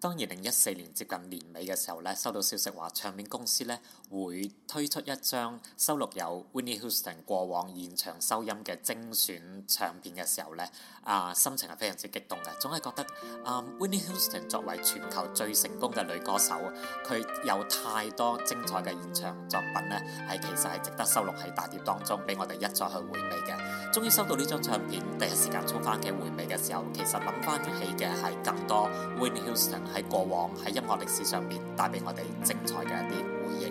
當二零一四年接近年尾嘅時候咧，收到消息話唱片公司咧會推出一張收錄有 Whitney Houston 過往現場收音嘅精選唱片嘅時候咧，啊心情係非常之激動嘅，總係覺得啊、嗯嗯、Whitney Houston 作為全球最成功嘅女歌手，佢有太多精彩嘅現場作品咧，係其實係值得收錄喺大碟當中，俾我哋一再去回味嘅。終於收到呢張唱片，第一時間沖翻去回味嘅時候，其實諗翻起嘅係更多 Whitney Houston 喺過往喺音樂歷史上面帶畀我哋精彩嘅一啲回憶。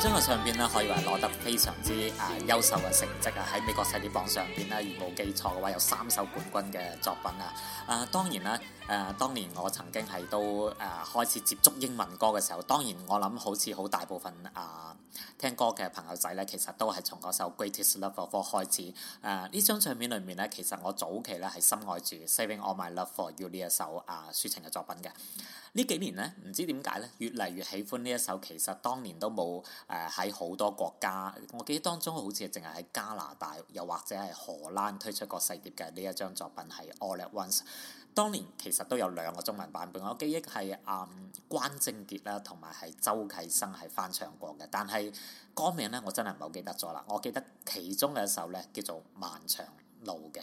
喺張嘅上邊咧，可以話攞得非常之啊、呃、優秀嘅成績啊！喺美國《世紀榜》上邊咧，如果冇記錯嘅話，有三首冠軍嘅作品啊！啊、呃，當然啦。誒、呃，當年我曾經係都誒、呃、開始接觸英文歌嘅時候，當然我諗好似好大部分啊、呃、聽歌嘅朋友仔咧，其實都係從嗰首《Greatest Love Of All》開始。誒、呃，張呢張唱片裏面咧，其實我早期咧係深愛住《Saving All My Love For You》呢一首啊、呃、抒情嘅作品嘅。呢幾年咧，唔知點解咧，越嚟越喜歡呢一首，其實當年都冇誒喺好多國家，我記得當中好似淨係喺加拿大又或者係荷蘭推出過細碟嘅呢一張作品係《All At Once》。當年其實都有兩個中文版本，我記憶係嗯、關正傑啦，同埋係周啟生係翻唱過嘅，但係歌名咧我真係唔係好記得咗啦。我記得其中嘅一首咧叫做《漫長路》嘅。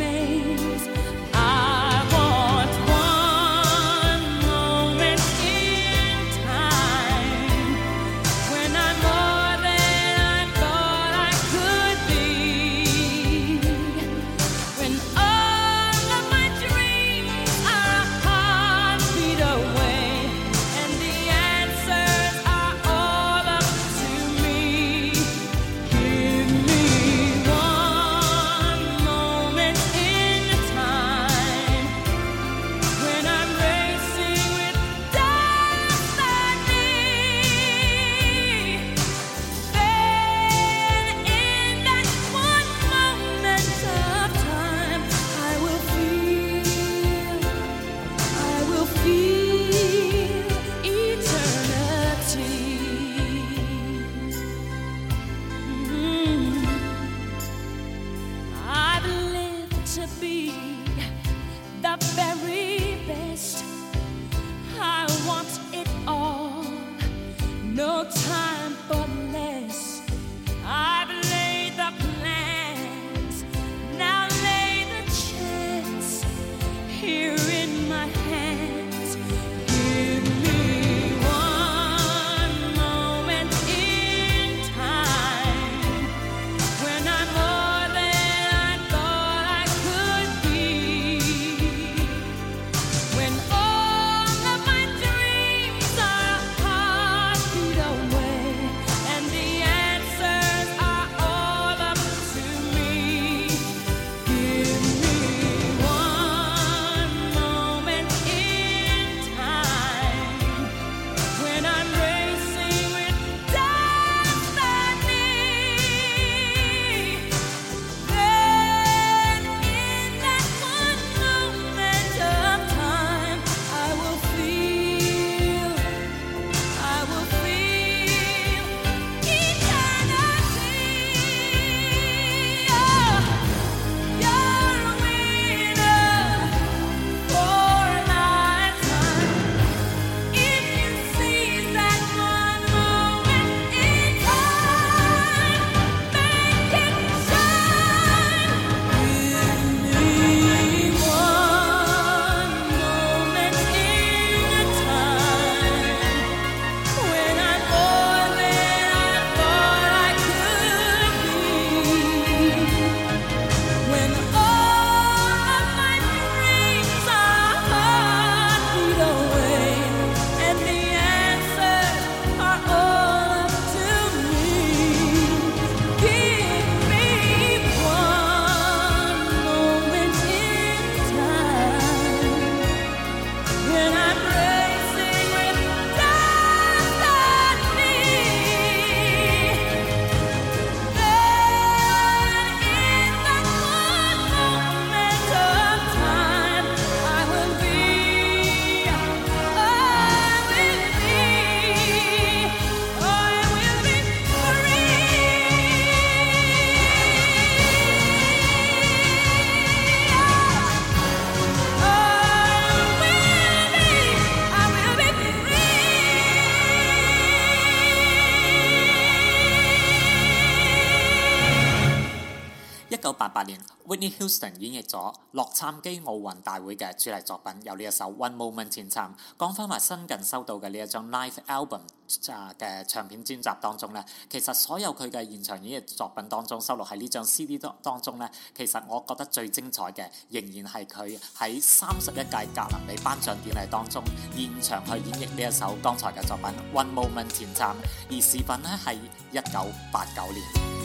Houston 演繹咗洛杉磯奧運大會嘅主題作品，有呢一首《One Moment in Time》。講翻話新近收到嘅呢一張 live album 嘅唱片專集當中咧，其實所有佢嘅現場演繹作品當中收錄喺呢張 CD 當當中咧，其實我覺得最精彩嘅仍然係佢喺三十一屆格林尼頒獎典禮當中現場去演繹呢一首剛才嘅作品《One Moment in Time》，而視頻咧係一九八九年。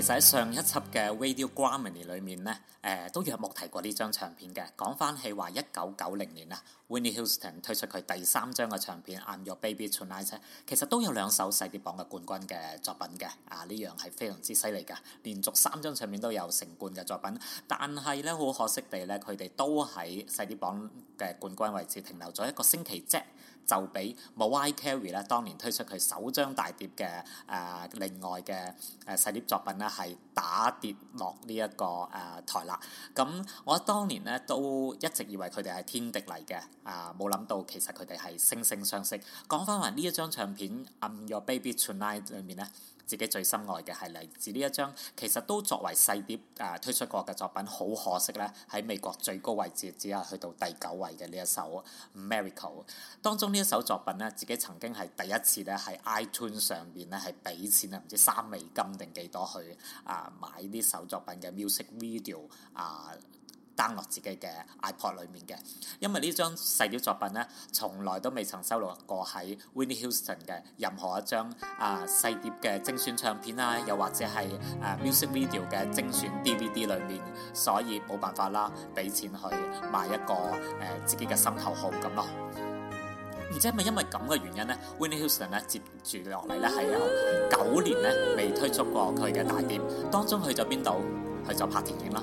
其實喺上一輯嘅 Radio Grammy 裏面咧，誒、呃、都約莫提過呢張唱片嘅講翻起話，一九九零年啊，Whitney Houston 推出佢第三張嘅唱片《I'm Your Baby Tonight》，其實都有兩首細碟榜嘅冠軍嘅作品嘅啊，呢樣係非常之犀利㗎，連續三張唱片都有成冠嘅作品，但係咧好可惜地咧，佢哋都喺細碟榜嘅冠軍位置停留咗一個星期啫。就俾冇 Mariah Carey 咧，當年推出佢首張大碟嘅誒、呃、另外嘅誒細碟作品咧，係打跌落呢、這、一個誒、呃、台啦。咁我當年咧都一直以為佢哋係天敵嚟嘅，啊冇諗到其實佢哋係惺惺相惜。講翻話呢一張唱片《I'm Your Baby Tonight》裏面咧。自己最心愛嘅係嚟自呢一張，其實都作為細碟誒、呃、推出過嘅作品，好可惜咧，喺美國最高位置只有去到第九位嘅呢一首《Miracle》。當中呢一首作品咧，自己曾經係第一次咧，喺 iTunes 上邊咧係俾錢啊，唔知三美金定幾多去啊、呃、買呢首作品嘅 music video 啊、呃。登落自己嘅 iPod 裏面嘅，因為呢張細碟作品咧，從來都未曾收錄過喺 Whitney Houston 嘅任何一張啊、呃、細碟嘅精選唱片啦，又或者係誒、呃、music video 嘅精選 DVD 裏面，所以冇辦法啦，俾錢去買一個誒、呃、自己嘅心頭好咁咯。唔知係咪因為咁嘅原因咧 ，Whitney Houston 咧接住落嚟咧係有九年咧未推出過佢嘅大碟，當中去咗邊度？去咗拍電影啦。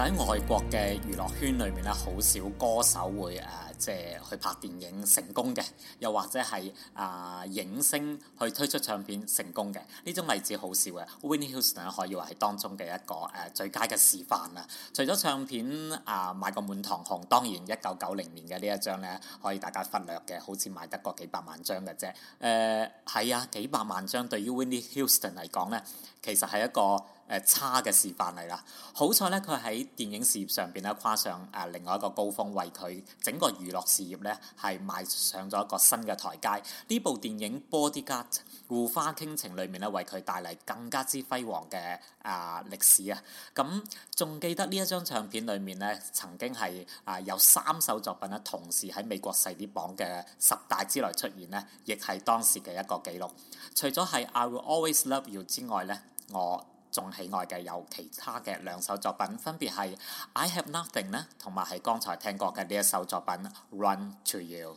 喺外國嘅娛樂圈裏面咧，好少歌手會誒、呃，即係去拍電影成功嘅，又或者係啊、呃、影星去推出唱片成功嘅，呢種例子好少嘅。Whitney Houston 可以話係當中嘅一個誒、呃、最佳嘅示範啦。除咗唱片啊賣個滿堂紅，當然一九九零年嘅呢一張咧，可以大家忽略嘅，好似賣得過幾百萬張嘅啫。誒、呃、係啊，幾百萬張對於 Whitney Houston 嚟講咧，其實係一個差嘅示範嚟啦。好彩咧，佢喺電影事業上邊咧跨上誒另外一個高峰，為佢整個娛樂事業咧係邁上咗一個新嘅台階。呢部電影《Bodyguard 護花傾情》裏面咧，為佢帶嚟更加之輝煌嘅啊歷史啊。咁仲記得呢一張唱片裏面咧，曾經係啊、呃、有三首作品咧同時喺美國細碟榜嘅十大之內出現咧，亦係當時嘅一個紀錄。除咗係《I Will Always Love You》之外咧，我。仲喜愛嘅有其他嘅兩首作品，分別係 I Have Nothing 呢，同埋係剛才聽過嘅呢一首作品 Run To You。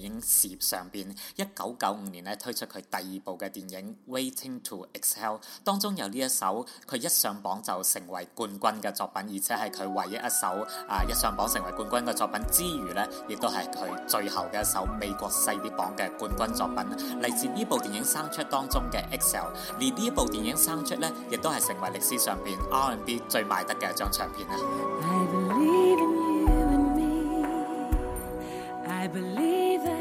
影事業上邊，一九九五年咧推出佢第二部嘅電影《Waiting to Exhale》，當中有呢一首，佢一上榜就成為冠軍嘅作品，而且係佢唯一一首啊一上榜成為冠軍嘅作品之餘呢亦都係佢最後嘅一首美國細碟榜嘅冠軍作品，嚟自呢部電影生出當中嘅 Exhale，而呢一部電影生出呢，亦都係成為歷史上邊 R&B 最賣得嘅一張唱片啊！I believe in you and me I believe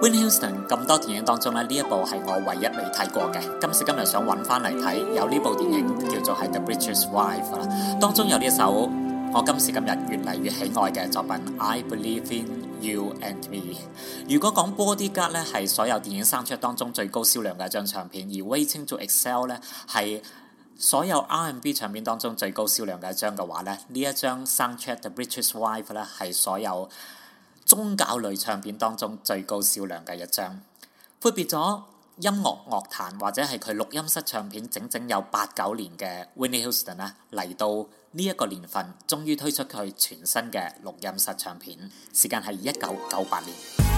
Whitney Houston 咁多電影當中咧，呢一部係我唯一未睇過嘅。今時今日想搵翻嚟睇，有呢部電影叫做係《The Preacher's Wife》啦。當中有呢一首我今時今日越嚟越喜愛嘅作品《I Believe In You And Me》。如果講《Bodyguard》咧係所有電影 soundtrack 當中最高銷量嘅一張唱片，而《Waiting To Exhale》咧係所有 R&B 唱片當中最高銷量嘅一張嘅話咧，呢一張《Soundtrack The Preacher's Wife》咧係所有宗教類唱片當中最高銷量嘅一張，闊別咗音樂樂壇或者係佢錄音室唱片整整有八九年嘅 Whitney Houston 咧、啊，嚟到呢一個年份，終於推出佢全新嘅錄音室唱片，時間係一九九八年。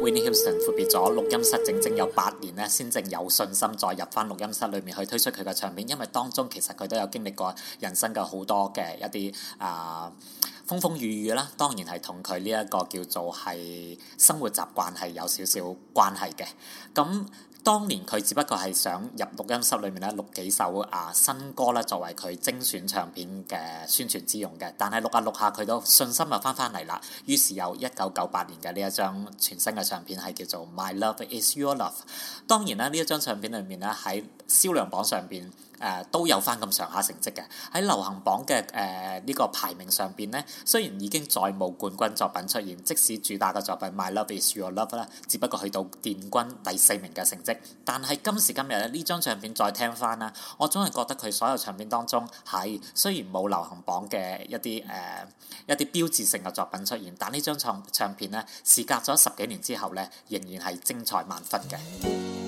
Whitney Houston 闊別咗錄音室，整整有八年咧，先正有信心再入翻錄音室裏面去推出佢嘅唱片，因為當中其實佢都有經歷過人生嘅好多嘅一啲啊、呃、風風雨雨啦。當然係同佢呢一個叫做係生活習慣係有少少關係嘅。咁當年佢只不過係想入錄音室裏面咧錄幾首啊新歌咧作為佢精選唱片嘅宣傳之用嘅，但係錄下錄下佢都信心又翻返嚟啦，於是有一九九八年嘅呢一張全新嘅唱片係叫做 My Love Is Your Love。當然啦，呢一張唱片裏面咧喺銷量榜上邊。誒、呃、都有翻咁上下成績嘅，喺流行榜嘅誒呢個排名上邊呢，雖然已經再冇冠軍作品出現，即使主打嘅作品 My Love Is Your Love 啦，只不過去到殿軍第四名嘅成績，但係今時今日咧，呢張唱片再聽翻啦，我總係覺得佢所有唱片當中，喺雖然冇流行榜嘅一啲誒、呃、一啲標誌性嘅作品出現，但呢張唱唱片呢，事隔咗十幾年之後呢，仍然係精彩萬分嘅。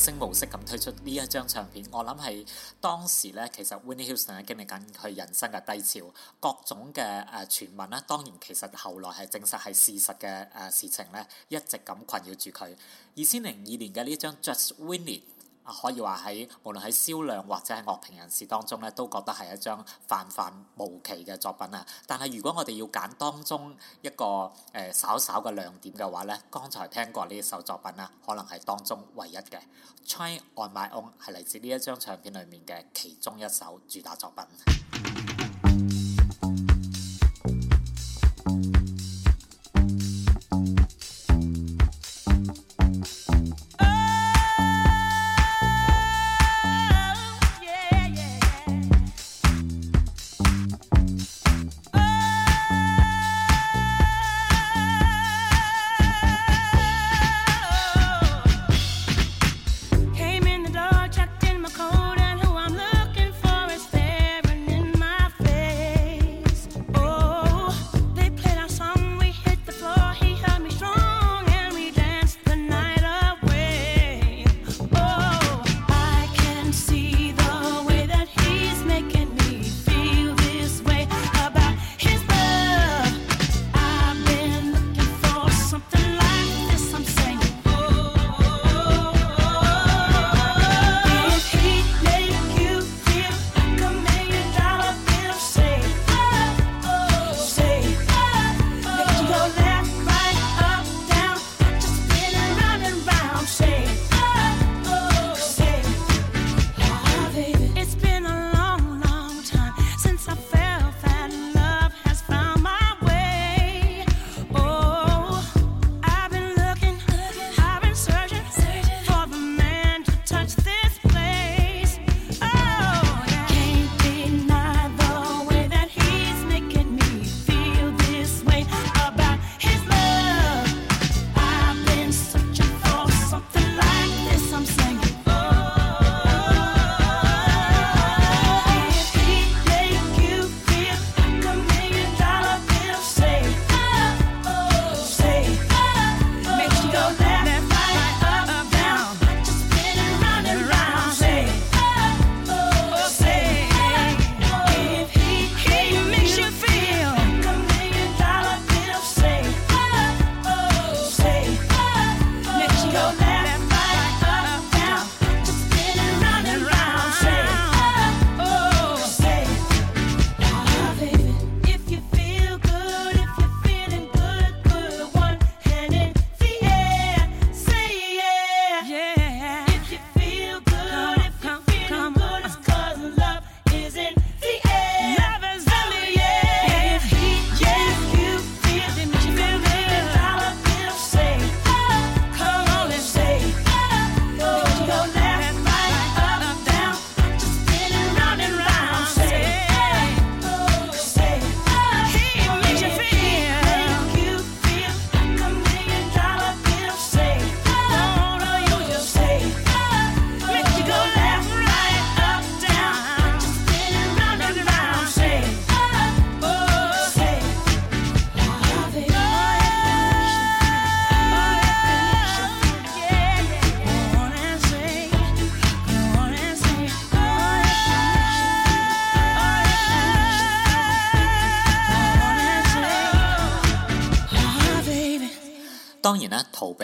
聲模式咁推出呢一張唱片，我諗係當時咧，其實 Whitney Houston 咧經歷緊佢人生嘅低潮，各種嘅誒、呃、傳聞啦。當然，其實後來係證實係事實嘅誒、呃、事情咧，一直咁困擾住佢。二千零二年嘅呢張 Just Whitney。可以話喺無論喺銷量或者係樂評人士當中咧，都覺得係一張泛泛無奇嘅作品啊！但係如果我哋要揀當中一個誒、呃、稍稍嘅亮點嘅話咧，剛才聽過呢一首作品啦，可能係當中唯一嘅《Try In On My Own》係嚟自呢一張唱片裏面嘅其中一首主打作品。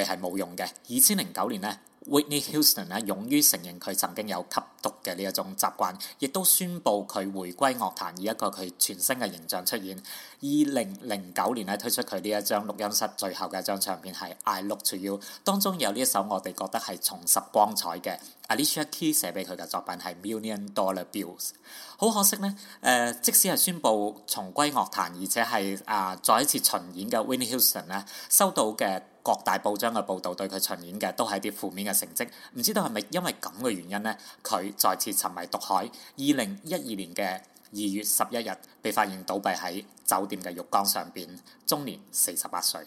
係冇用嘅。二千零九年呢 Whitney Houston 咧勇於承認佢曾經有吸毒嘅呢一種習慣，亦都宣布佢回歸樂壇，以一個佢全新嘅形象出現。二零零九年咧推出佢呢一張錄音室最後嘅一張唱片係《I Look To You》，當中有呢一首我哋覺得係重拾光彩嘅 Alicia Keys 寫俾佢嘅作品係《Million Dollar Bills》。好可惜呢，誒、呃，即使係宣布重歸樂壇，而且係啊、呃、再一次巡演嘅 Whitney Houston 咧，收到嘅。各大報章嘅報導對佢巡演嘅都係啲負面嘅成績，唔知道係咪因為咁嘅原因呢？佢再次沉迷毒海。二零一二年嘅二月十一日，被發現倒斃喺酒店嘅浴缸上邊，終年四十八歲。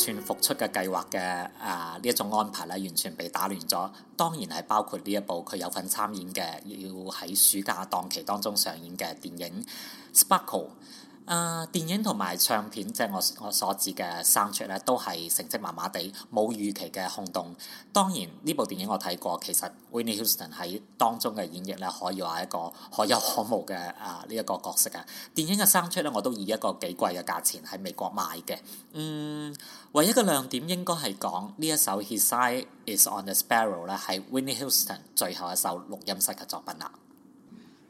全復出嘅計劃嘅啊呢一種安排咧，完全被打亂咗。當然係包括呢一部佢有份參演嘅，要喺暑假檔期當中上映嘅電影《Sparkle》。啊！Uh, 電影同埋唱片，即係我我所指嘅 soundtrack 咧，都係成績麻麻地，冇預期嘅轟動。當然呢部電影我睇過，其實 Whitney Houston 喺當中嘅演繹咧，可以話係一個可有可無嘅啊呢一個角色啊。電影嘅 soundtrack 咧，我都以一個幾貴嘅價錢喺美國買嘅。嗯，唯一嘅亮點應該係講呢一首 His Eye Is On The Sparrow 咧，係 Whitney Houston 最後一首錄音室嘅作品啦。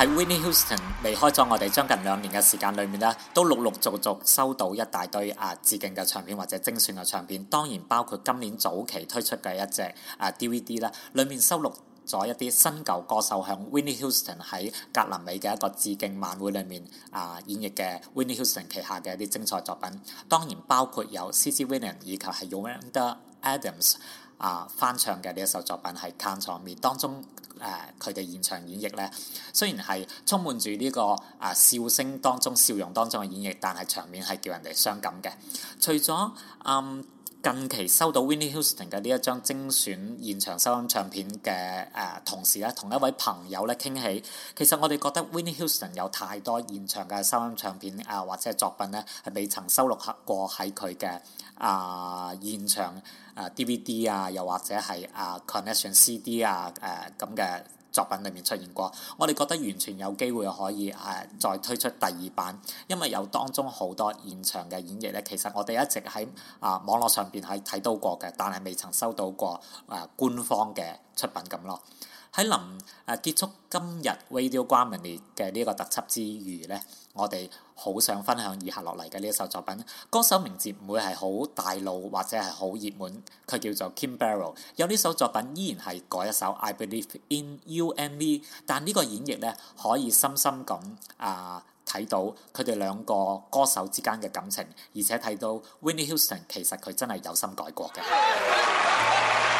喺 Whitney Houston 離開咗我哋將近兩年嘅時間裏面咧，都陸陸續續收到一大堆啊致敬嘅唱片或者精選嘅唱片。當然包括今年早期推出嘅一隻啊 DVD 啦、啊，裏面收錄咗一啲新舊歌手向 Whitney Houston 喺格林美嘅一個致敬晚會裏面啊演繹嘅 Whitney Houston 旗下嘅一啲精彩作品。當然包括有 CeCe Winans 以及係 Yolanda Adams。啊！翻唱嘅呢一首作品係《Count On Me》，當中誒，佢、呃、哋現場演繹咧，雖然係充滿住呢、這個啊、呃、笑聲當中、笑容當中嘅演繹，但係場面係叫人哋傷感嘅。除咗啊。嗯近期收到 Whitney Houston 嘅呢一張精選現場收音唱片嘅誒、呃、同時咧，同一位朋友咧傾起，其實我哋覺得 Whitney Houston 有太多現場嘅收音唱片啊、呃，或者作品咧係未曾收錄過喺佢嘅啊現場啊、呃、DVD 啊，又或者係啊、呃、Connection CD 啊誒咁嘅。呃作品裏面出現過，我哋覺得完全有機會可以誒、啊、再推出第二版，因為有當中好多現場嘅演繹咧，其實我哋一直喺啊網絡上邊係睇到過嘅，但係未曾收到過誒、啊、官方嘅出品咁咯。喺臨誒結束今日 Radio Grammy 嘅呢個特輯之餘呢，我哋好想分享以下落嚟嘅呢一首作品。歌手名字唔會係好大路或者係好熱門，佢叫做 Kim Burrell。有呢首作品依然係改一首 I Believe In You And Me，但呢個演繹呢可以深深咁啊睇到佢哋兩個歌手之間嘅感情，而且睇到 Whitney Houston 其實佢真係有心改過嘅。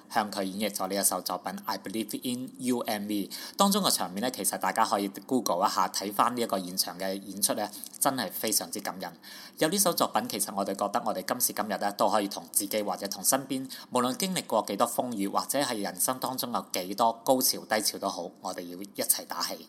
向佢演繹咗呢一首作品《I Believe In You And Me》當中個場面咧，其實大家可以 Google 一下睇翻呢一個現場嘅演出咧，真係非常之感人。有呢首作品，其實我哋覺得我哋今時今日咧都可以同自己或者同身邊，無論經歷過幾多風雨，或者係人生當中有幾多高潮低潮都好，我哋要一齊打氣。